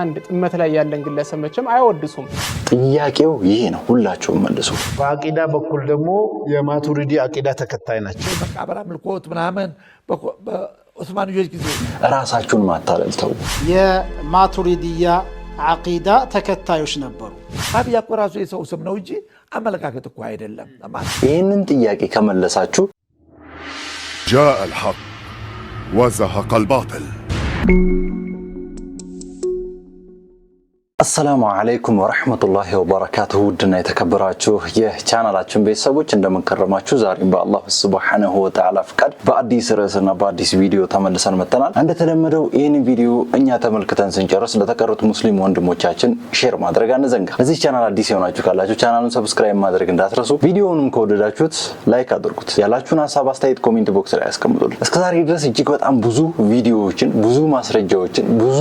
አንድ ጥመት ላይ ያለን ግለሰብ መቼም አይወድሱም። ጥያቄው ይሄ ነው። ሁላቸውም መልሱ። በአቂዳ በኩል ደግሞ የማቱሪዲ አቂዳ ተከታይ ናቸው። መቃብር አምልኮት ምናምን በኦስማን ጆች ጊዜ ራሳችሁን ማታለል ተው። የማቱሪዲያ አቂዳ ተከታዮች ነበሩ። አብያ እኮ ራሱ የሰው ስም ነው እንጂ አመለካከት እኮ አይደለም። ይህንን ጥያቄ ከመለሳችሁ ጃአ አልሐቅ ወዘሀቀ ልባጥል አሰላሙ አለይኩም ወረህመቱላሂ ወበረካቱሁ ውድና የተከበራችሁ የቻናላችን ቤተሰቦች እንደምንከረማችሁ፣ ዛሬም በአላህ ስብሐነሁ ወተዓላ ፍቃድ በአዲስ ርዕስና በአዲስ ቪዲዮ ተመልሰን መጥተናል። እንደተለመደው ይህን ቪዲዮ እኛ ተመልክተን ስንጨርስ ለተቀሩት ሙስሊም ወንድሞቻችን ሼር ማድረግ አንዘንጋ። እዚህ ቻናል አዲስ የሆናችሁ ካላችሁ ቻናሉን ሰብስክራይብ ማድረግ እንዳትረሱ፣ ቪዲዮውንም ከወደዳችሁት ላይክ አድርጉት። ያላችሁን ሀሳብ አስተያየት ኮሜንት ቦክስ ላይ ያስቀምጡልን። እስከ ዛሬ ድረስ እጅግ በጣም ብዙ ቪዲዮዎችን፣ ብዙ ማስረጃዎችን፣ ብዙ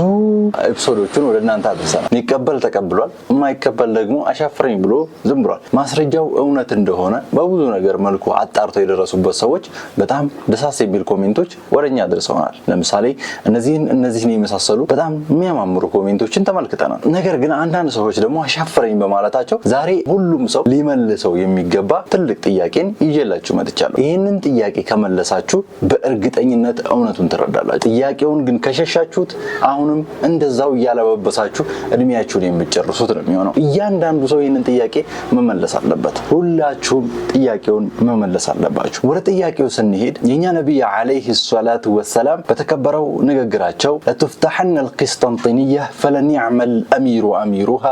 ኤፒሶዶችን ወደ እናንተ አድርሰናል። ቢቀበል ተቀብሏል፣ የማይቀበል ደግሞ አሻፍረኝ ብሎ ዝም ብሏል። ማስረጃው እውነት እንደሆነ በብዙ ነገር መልኩ አጣርተው የደረሱበት ሰዎች በጣም ደሳስ የሚል ኮሜንቶች ወደኛ ደርሰውናል። ለምሳሌ እነዚህን እነዚህን የመሳሰሉ በጣም የሚያማምሩ ኮሜንቶችን ተመልክተናል። ነገር ግን አንዳንድ ሰዎች ደግሞ አሻፍረኝ በማለታቸው ዛሬ ሁሉም ሰው ሊመልሰው የሚገባ ትልቅ ጥያቄን ይዤላችሁ መጥቻለሁ። ይህንን ጥያቄ ከመለሳችሁ በእርግጠኝነት እውነቱን ትረዳላችሁ። ጥያቄውን ግን ከሸሻችሁት አሁንም እንደዛው እያለበበሳችሁ እድሜ እድሜያችሁን የምትጨርሱት ነው የሚሆነው። እያንዳንዱ ሰው ይህንን ጥያቄ መመለስ አለበት። ሁላችሁም ጥያቄውን መመለስ አለባችሁ። ወደ ጥያቄው ስንሄድ የእኛ ነቢይ ዓለይሂ ሰላቱ ወሰላም በተከበረው ንግግራቸው ለቱፍታሐና አልቂስጠንጢንያ ፈለኒዕመል አሚሩ አሚሩሃ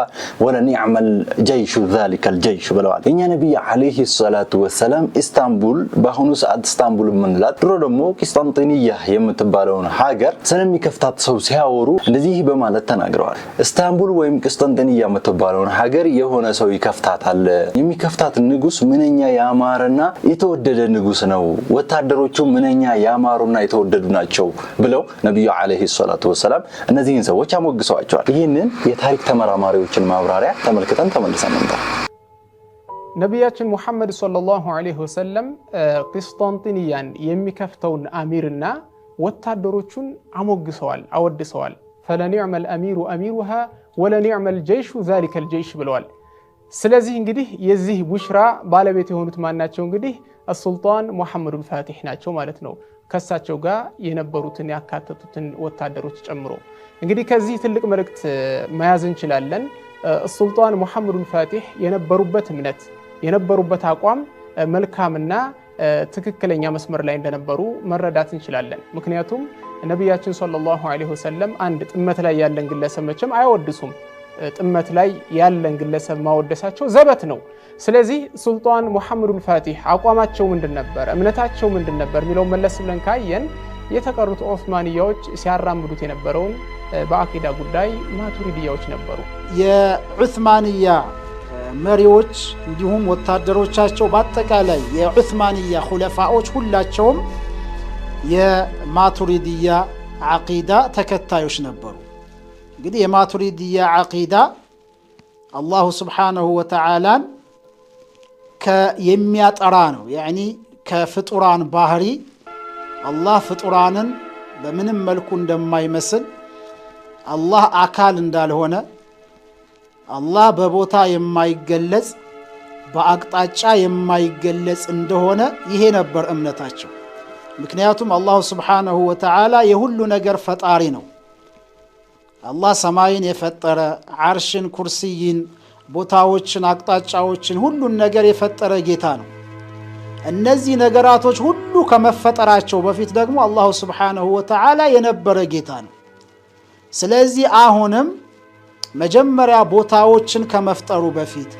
ወለኒዕመል ጀይሹ ዛሊከ ጀይሹ ብለዋል። የእኛ ነቢይ ዓለይሂ ሰላቱ ወሰላም ኢስታንቡል፣ በአሁኑ ሰዓት ኢስታንቡል የምንላት ድሮ ደግሞ ቂስጠንጢንያ የምትባለውን ሀገር ስለሚከፍታት ሰው ሲያወሩ እንደዚህ በማለት ተናግረዋል። ኢስታንቡል ወይም ቅስጠንጥንያ የምትባለውን ሀገር የሆነ ሰው ይከፍታታል። የሚከፍታት ንጉስ ምንኛ ያማረና የተወደደ ንጉስ ነው፣ ወታደሮቹ ምንኛ ያማሩና የተወደዱ ናቸው ብለው ነቢዩ ዓለይሂ ሰላቱ ወሰላም እነዚህን ሰዎች አሞግሰዋቸዋል። ይህንን የታሪክ ተመራማሪዎችን ማብራሪያ ተመልክተን ተመልሰን እንምጣ። ነቢያችን ሙሐመድ ሰለላሁ ዓለይሂ ወሰለም ቅስጠንጥንያን የሚከፍተውን አሚርና ወታደሮቹን አሞግሰዋል፣ አወድሰዋል። ፈለኒዕመል አሚሩ አሚሩሃ ወለኒዕመል ጀይሹ ዛሊከል ጀይሽ ብለዋል። ስለዚህ እንግዲህ የዚህ ቡሽራ ባለቤት የሆኑት ማናቸው? እንግዲህ አሱልጣን ሙሐመዱል ፋቲሕ ናቸው ማለት ነው። ከሳቸው ጋር የነበሩትን ያካተቱትን ወታደሮች ጨምሮ እንግዲህ ከዚህ ትልቅ መልእክት መያዝ እንችላለን። ሱልጣን ሙሐመዱል ፋቲሕ የነበሩበት እምነት የነበሩበት አቋም መልካምና ትክክለኛ መስመር ላይ እንደነበሩ መረዳት እንችላለን። ምክንያቱም ነቢያችን ሰለላሁ ዐለይሂ ወሰለም አንድ ጥመት ላይ ያለን ግለሰብ መቼም አይወድሱም። ጥመት ላይ ያለን ግለሰብ ማወደሳቸው ዘበት ነው። ስለዚህ ሱልጣን ሙሐመዱል ፋቲህ አቋማቸው ምንድን ነበር፣ እምነታቸው ምንድን ነበር የሚለውን መለስ ብለን ካየን የተቀሩት ኦስማንያዎች ሲያራምዱት የነበረውን በአቂዳ ጉዳይ ማቱሪድያዎች ነበሩ። የዑስማንያ መሪዎች እንዲሁም ወታደሮቻቸው በአጠቃላይ የዑስማንያ ሁለፋዎች ሁላቸውም የማቱሪድያ ዓቂዳ ተከታዮች ነበሩ። እንግዲህ የማቱሪድያ ዓቂዳ አላሁ ስብሓነሁ ወተዓላን የሚያጠራ ነው። ያኒ ከፍጡራን ባህሪ አላህ ፍጡራንን በምንም መልኩ እንደማይመስል አላህ አካል እንዳልሆነ አላህ በቦታ የማይገለጽ በአቅጣጫ የማይገለጽ እንደሆነ ይሄ ነበር እምነታቸው። ምክንያቱም አላሁ ስብሓነሁ ወተዓላ የሁሉ ነገር ፈጣሪ ነው። አላህ ሰማይን የፈጠረ ዓርሽን፣ ኩርስይን ቦታዎችን፣ አቅጣጫዎችን ሁሉን ነገር የፈጠረ ጌታ ነው። እነዚህ ነገራቶች ሁሉ ከመፈጠራቸው በፊት ደግሞ አላሁ ስብሓነሁ ወተዓላ የነበረ ጌታ ነው። ስለዚህ አሁንም መጀመሪያ ቦታዎችን ከመፍጠሩ በፊት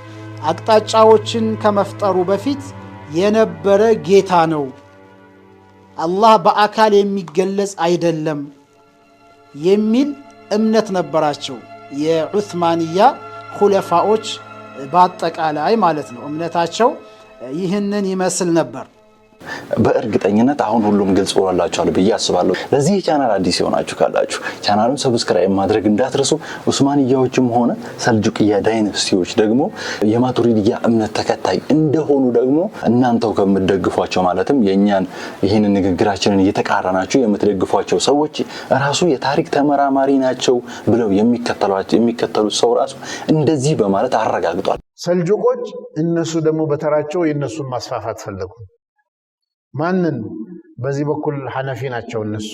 አቅጣጫዎችን ከመፍጠሩ በፊት የነበረ ጌታ ነው። አላህ በአካል የሚገለጽ አይደለም የሚል እምነት ነበራቸው የዑስማንያ ኩለፋዎች በአጠቃላይ ማለት ነው። እምነታቸው ይህንን ይመስል ነበር። በእርግጠኝነት አሁን ሁሉም ግልጽ ሆኖላችኋል ብዬ አስባለሁ። ለዚህ ቻናል አዲስ የሆናችሁ ካላችሁ ቻናሉን ሰብስክራይብ ማድረግ እንዳትረሱ። ኡስማንያዎችም ሆነ ሰልጁቅያ ዳይነስቲዎች ደግሞ የማቱሪድያ እምነት ተከታይ እንደሆኑ ደግሞ እናንተው ከምትደግፏቸው ማለትም የእኛን ይህንን ንግግራችንን እየተቃረናችሁ የምትደግፏቸው ሰዎች ራሱ የታሪክ ተመራማሪ ናቸው ብለው የሚከተሉት ሰው ራሱ እንደዚህ በማለት አረጋግጧል። ሰልጁቆች እነሱ ደግሞ በተራቸው የእነሱን ማስፋፋት ፈለጉ። ማንን? በዚህ በኩል ሐነፊ ናቸው እነሱ።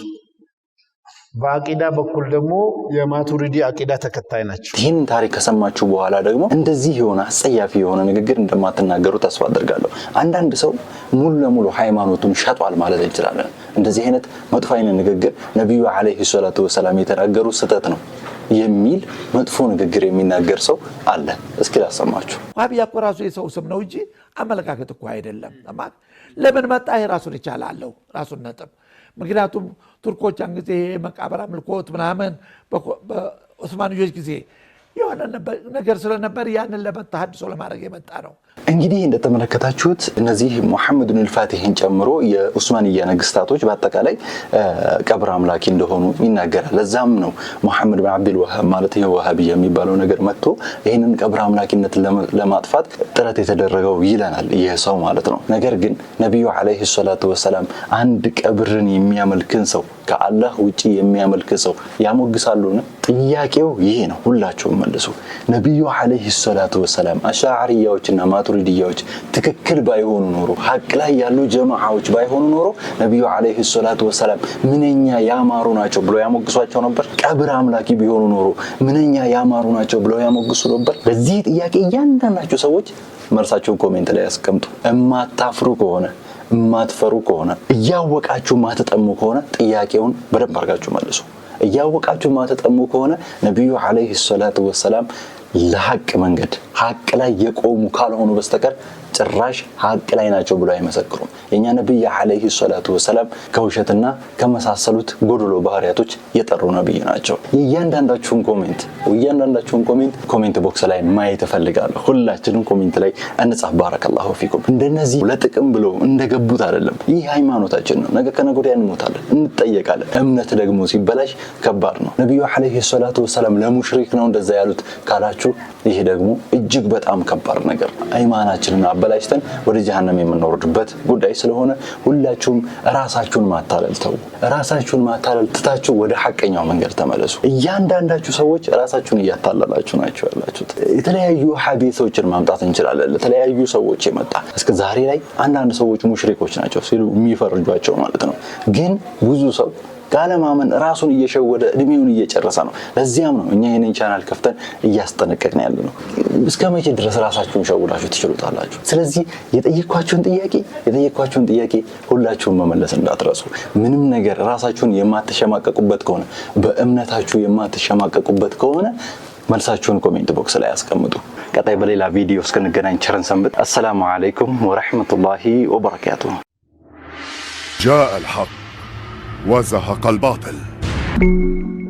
በአቂዳ በኩል ደግሞ የማቱሪዲ አቂዳ ተከታይ ናቸው። ይህን ታሪክ ከሰማችሁ በኋላ ደግሞ እንደዚህ የሆነ አስጸያፊ የሆነ ንግግር እንደማትናገሩ ተስፋ አድርጋለሁ። አንዳንድ ሰው ሙሉ ለሙሉ ሃይማኖቱን ሸጧል ማለት እንችላለን። እንደዚህ አይነት መጥፎ አይነት ንግግር ነቢዩ ዓለይሂ ሰላቱ ወሰላም የተናገሩ ስህተት ነው። የሚል መጥፎ ንግግር የሚናገር ሰው አለ። እስኪ ላሰማችሁ። ዋሃቢያ እኮ ራሱ የሰው ስም ነው እንጂ አመለካከት እኮ አይደለም። ለምን መጣ? ይሄ ራሱን ይቻላለሁ ራሱን ነጥብ። ምክንያቱም ቱርኮች ያን ጊዜ መቃብር አምልኮት ምናምን በኦስማንዮች ጊዜ የሆነ ነገር ስለነበር ያንን ለመተሃድሶ ለማድረግ የመጣ ነው። እንግዲህ እንደተመለከታችሁት እነዚህ ሙሐመድ ብን ልፋቲህን ጨምሮ የኡስማንያ ነገስታቶች በአጠቃላይ ቀብር አምላኪ እንደሆኑ ይናገራል። ለዛም ነው ሙሐመድ ብን አብድልዋሃብ ማለት ይህ የሚባለው ነገር መጥቶ ይህንን ቀብር አምላኪነት ለማጥፋት ጥረት የተደረገው ይለናል ይህ ሰው ማለት ነው። ነገር ግን ነቢዩ ዓለይሂ ሰላቱ ወሰላም አንድ ቀብርን የሚያመልክን ሰው ከአላህ ውጭ የሚያመልክን ሰው ያሞግሳሉን? ጥያቄው ይሄ ነው ሁላችሁም መልሱ። ነቢዩ ዓለይሂ ሰላቱ ወሰላም አሻዕርያዎችና ማቱሪድያዎች ትክክል ባይሆኑ ኖሮ ሀቅ ላይ ያሉ ጀማዓዎች ባይሆኑ ኖሮ ነቢዩ ዓለይሂ ሰላቱ ወሰላም ምንኛ ያማሩ ናቸው ብለው ያሞግሷቸው ነበር። ቀብር አምላኪ ቢሆኑ ኖሮ ምንኛ ያማሩ ናቸው ብለው ያሞግሱ ነበር። በዚህ ጥያቄ እያንዳንዳቸው ሰዎች መልሳቸውን ኮሜንት ላይ ያስቀምጡ። እማታፍሩ ከሆነ እማትፈሩ ከሆነ እያወቃችሁ ማትጠሙ ከሆነ ጥያቄውን በደንብ አድርጋችሁ መልሱ። እያወቃችሁ ማተጠሙ ከሆነ ነቢዩ ዓለይሂ ሰላቱ ወሰላም ለሀቅ መንገድ ሀቅ ላይ የቆሙ ካልሆኑ በስተቀር ጭራሽ ሀቅ ላይ ናቸው ብለው አይመሰክሩም። የእኛ ነቢይ ዓለይሂ ሰላቱ ወሰላም ከውሸትና ከመሳሰሉት ጎድሎ ባህሪያቶች የጠሩ ነቢይ ናቸው። የእያንዳንዳችሁን ኮሜንት እያንዳንዳችሁን ኮሜንት ኮሜንት ቦክስ ላይ ማየት እፈልጋለሁ። ሁላችንም ኮሜንት ላይ እንጻፍ። ባረከላሁ ፊኩም። እንደነዚህ ለጥቅም ብለው እንደገቡት አይደለም። ይህ ሃይማኖታችን ነው። ነገ ከነገ ወዲያ እንሞታለን፣ እንጠየቃለን። እምነት ደግሞ ሲበላሽ ከባድ ነው። ነቢዩ ዓለይሂ ሰላቱ ወሰላም ለሙሽሪክ ነው እንደዛ ያሉት ካላችሁ፣ ይህ ደግሞ እጅግ በጣም ከባድ ነገር ሃይማናችንን አበላ አበላሽተን ወደ ጀሃነም የምንወርድበት ጉዳይ ስለሆነ ሁላችሁም ራሳችሁን ማታለል ተው። ራሳችሁን ማታለል ትታችሁ ወደ ሐቀኛው መንገድ ተመለሱ። እያንዳንዳችሁ ሰዎች ራሳችሁን እያታለላችሁ ናቸው ያላችሁት። የተለያዩ ሀዲሶችን ማምጣት እንችላለን። ለተለያዩ ሰዎች የመጣ እስከ ዛሬ ላይ አንዳንድ ሰዎች ሙሽሪኮች ናቸው ሲሉ የሚፈርጇቸው ማለት ነው። ግን ብዙ ሰው ጋለማመን ራሱን እየሸወደ እድሜውን እየጨረሰ ነው። ለዚያም ነው እኛ ይህንን ቻናል ከፍተን እያስጠነቀቅን ያለ ነው። እስከ መቼ ድረስ ራሳችሁን ሸውዳችሁ ትችሉታላችሁ? ስለዚህ የጠየኳችሁን ጥያቄ የጠየኳችሁን ጥያቄ ሁላችሁን መመለስ እንዳትረሱ። ምንም ነገር ራሳችሁን የማትሸማቀቁበት ከሆነ በእምነታችሁ የማትሸማቀቁበት ከሆነ መልሳችሁን ኮሜንት ቦክስ ላይ አስቀምጡ ቀጣይ በሌላ ቪዲዮ እስክንገናኝ ቸርን ሰንብት። አሰላሙ አለይኩም ወረሕመቱላሂ ወበረካቱ። ጃአ አልሐቅ وزهق الباطل